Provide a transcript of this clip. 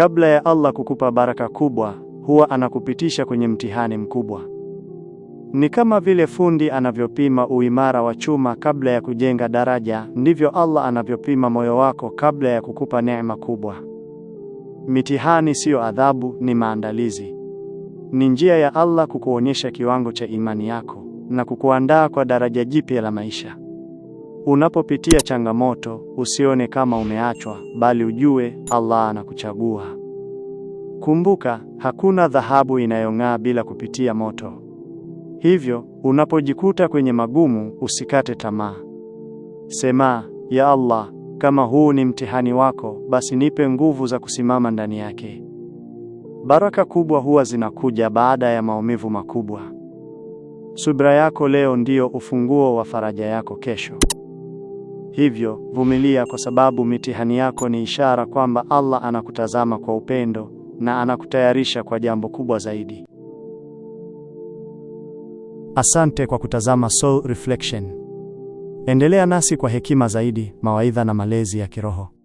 Kabla ya Allah kukupa baraka kubwa, huwa anakupitisha kwenye mtihani mkubwa. Ni kama vile fundi anavyopima uimara wa chuma kabla ya kujenga daraja, ndivyo Allah anavyopima moyo wako kabla ya kukupa neema kubwa. Mitihani siyo adhabu, ni maandalizi. Ni njia ya Allah kukuonyesha kiwango cha imani yako na kukuandaa kwa daraja jipya la maisha. Unapopitia changamoto, usione kama umeachwa, bali ujue Allah anakuchagua. Kumbuka, hakuna dhahabu inayong'aa bila kupitia moto. Hivyo, unapojikuta kwenye magumu, usikate tamaa. Sema, ya Allah, kama huu ni mtihani wako, basi nipe nguvu za kusimama ndani yake. Baraka kubwa huwa zinakuja baada ya maumivu makubwa. Subra yako leo ndiyo ufunguo wa faraja yako kesho. Hivyo vumilia, kwa sababu mitihani yako ni ishara kwamba Allah anakutazama kwa upendo na anakutayarisha kwa jambo kubwa zaidi. Asante kwa kutazama Soul Reflection. Endelea nasi kwa hekima zaidi, mawaidha na malezi ya kiroho.